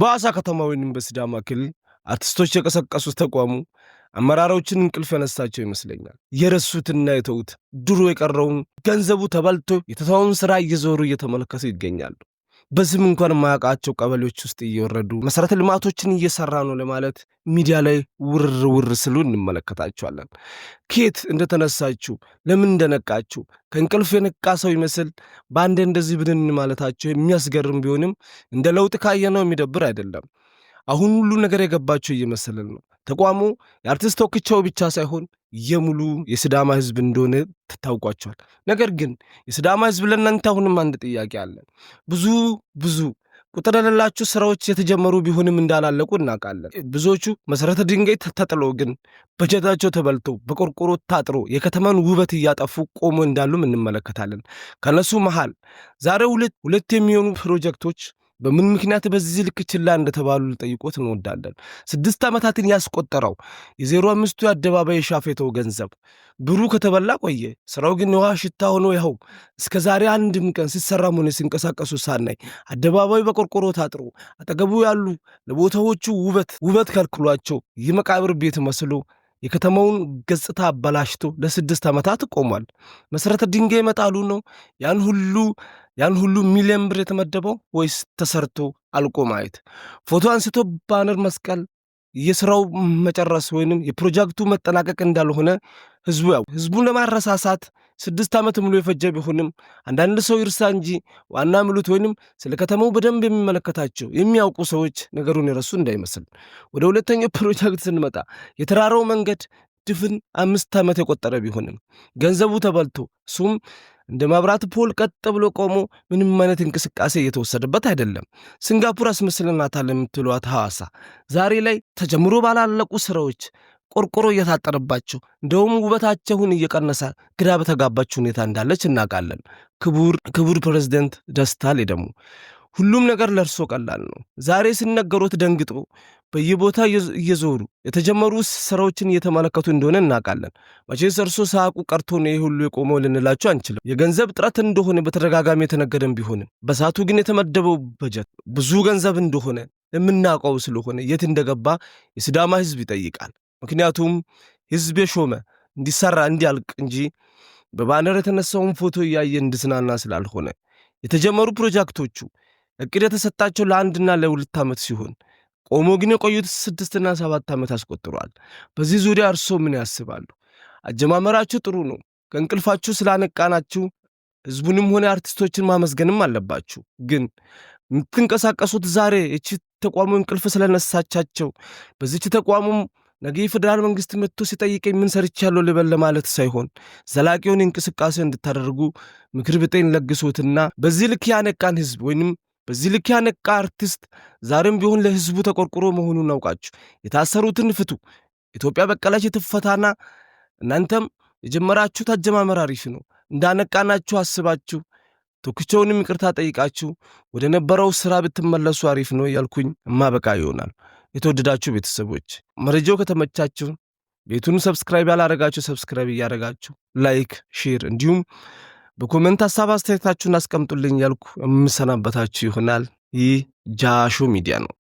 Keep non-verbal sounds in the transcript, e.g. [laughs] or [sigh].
በአሳ ከተማ ወይም በሲዳማ ክልል አርቲስቶች የቀሰቀሱት ተቋሙ አመራሮችን እንቅልፍ ያነሳቸው ይመስለኛል። የረሱትና የተዉት ድሮ የቀረውን ገንዘቡ ተበልቶ የተተውን ስራ እየዞሩ እየተመለከቱ ይገኛሉ። በዚህም እንኳን ማያውቃቸው ቀበሌዎች ውስጥ እየወረዱ መሰረተ ልማቶችን እየሰራ ነው ለማለት ሚዲያ ላይ ውር ውር ስሉ እንመለከታቸዋለን። ኬት እንደተነሳችሁ ለምን እንደነቃችሁ ከእንቅልፍ የነቃ ሰው ይመስል በአንዴ እንደዚህ ብድን ማለታቸው የሚያስገርም ቢሆንም እንደ ለውጥ ካየነው የሚደብር አይደለም። አሁን ሁሉ ነገር የገባቸው እየመሰለን ነው። ተቋሙ የአርቲስት ወክቻው ብቻ ሳይሆን የሙሉ የስዳማ ህዝብ እንደሆነ ትታውቋቸዋል ነገር ግን የስዳማ ህዝብ ለእናንተ አሁንም አንድ ጥያቄ አለ። ብዙ ብዙ ቁጥር የሌላቸው ስራዎች የተጀመሩ ቢሆንም እንዳላለቁ እናውቃለን። ብዙዎቹ መሰረተ ድንጋይ ተጥሎ ግን በጀታቸው ተበልቶ በቆርቆሮ ታጥሮ የከተማን ውበት እያጠፉ ቆሞ እንዳሉም እንመለከታለን። ከነሱ መሃል ዛሬ ሁለት ሁለት የሚሆኑ ፕሮጀክቶች በምን ምክንያት በዚህ ልክ ችላ እንደተባሉ ልጠይቆት እንወዳለን። ስድስት ዓመታትን ያስቆጠረው የዜሮ አምስቱ የአደባባይ የሻፌተው ገንዘብ ብሩ ከተበላ ቆየ። ስራው ግን የውሃ ሽታ ሆኖ ይኸው እስከ ዛሬ አንድም ቀን ሲሰራም ሆነ ሲንቀሳቀሱ ሳናይ አደባባዩ በቆርቆሮ ታጥሮ አጠገቡ ያሉ ለቦታዎቹ ውበት ውበት ከልክሏቸው የመቃብር ቤት መስሎ የከተማውን ገጽታ አበላሽቶ ለስድስት ዓመታት ቆሟል። መሰረተ ድንጋይ መጣሉ ነው ያን ሁሉ ያን ሁሉ ሚሊዮን ብር የተመደበው ወይስ ተሰርቶ አልቆ ማየት? ፎቶ አንስቶ ባነር መስቀል የስራው መጨረስ ወይንም የፕሮጀክቱ መጠናቀቅ እንዳልሆነ ህዝቡ ያው ህዝቡን ለማረሳሳት ስድስት ዓመት ሙሉ የፈጀ ቢሆንም አንዳንድ ሰው ይርሳ እንጂ ዋና ምሉት ወይንም ስለ ከተማው በደንብ የሚመለከታቸው የሚያውቁ ሰዎች ነገሩን የረሱ እንዳይመስል። ወደ ሁለተኛው [laughs] ፕሮጀክት ስንመጣ የተራራው መንገድ ድፍን አምስት ዓመት የቆጠረ ቢሆንም ገንዘቡ ተበልቶ እሱም እንደ መብራት ፖል ቀጥ ብሎ ቆሞ ምንም አይነት እንቅስቃሴ እየተወሰደበት አይደለም። ሲንጋፑር አስመስለናታል የምትሏት ሐዋሳ ዛሬ ላይ ተጀምሮ ባላለቁ ስራዎች ቆርቆሮ እየታጠረባቸው እንደውም ውበታቸውን እየቀነሰ ግራ በተጋባች ሁኔታ እንዳለች እናውቃለን። ክቡር ፕሬዝደንት ደስታ ሌዳሞ ሁሉም ነገር ለእርሶ ቀላል ነው። ዛሬ ሲነገሩት ደንግጦ በየቦታ እየዞሩ የተጀመሩ ስራዎችን እየተመለከቱ እንደሆነ እናውቃለን። መቼስ እርሶ ሳቁ ቀርቶ ነው ሁሉ የቆመው ልንላቸው አንችልም። የገንዘብ እጥረት እንደሆነ በተደጋጋሚ የተነገረን ቢሆንም በሳቱ ግን የተመደበው በጀት ብዙ ገንዘብ እንደሆነ የምናውቀው ስለሆነ የት እንደገባ የስዳማ ህዝብ ይጠይቃል። ምክንያቱም ህዝብ የሾመ እንዲሰራ እንዲያልቅ እንጂ በባነር የተነሳውን ፎቶ እያየ እንድትናና ስላልሆነ የተጀመሩ ፕሮጀክቶቹ እቅድ የተሰጣቸው ለአንድና ለሁለት ዓመት ሲሆን ቆሞ ግን የቆዩት ስድስትና ሰባት ዓመት አስቆጥሯል። በዚህ ዙሪያ እርሶ ምን ያስባሉ? አጀማመራችሁ ጥሩ ነው። ከእንቅልፋችሁ ስላነቃናችሁ ህዝቡንም ሆነ አርቲስቶችን ማመስገንም አለባችሁ። ግን የምትንቀሳቀሱት ዛሬ እቺ ተቋሙ እንቅልፍ ስለነሳቻቸው በዚች ተቋሙም ነገ የፌዴራል መንግስት መጥቶ ሲጠይቀኝ ምን ሰርቻለሁ ልበል ለማለት ሳይሆን ዘላቂውን እንቅስቃሴ እንድታደርጉ ምክር ብጤን ለግሶትና በዚህ ልክ ያነቃን ህዝብ ወይንም በዚህ ልክ ያነቃ አርቲስት ዛሬም ቢሆን ለህዝቡ ተቆርቁሮ መሆኑን አውቃችሁ የታሰሩትን ፍቱ። ኢትዮጵያ በቀለች የትፈታና እናንተም የጀመራችሁት አጀማመር አሪፍ ነው። እንዳነቃናችሁ አስባችሁ ቶክቸውንም ይቅርታ ጠይቃችሁ ወደ ነበረው ስራ ብትመለሱ አሪፍ ነው እያልኩኝ እማበቃ ይሆናል። የተወደዳችሁ ቤተሰቦች መረጃው ከተመቻችሁ ቤቱን ሰብስክራይብ ያላረጋችሁ ሰብስክራይብ እያረጋችሁ ላይክ፣ ሼር እንዲሁም በኮመንት ሀሳብ አስተያየታችሁን አስቀምጡልኝ ያልኩ የምሰናበታችሁ ይሆናል። ይህ ጃሾ ሚዲያ ነው።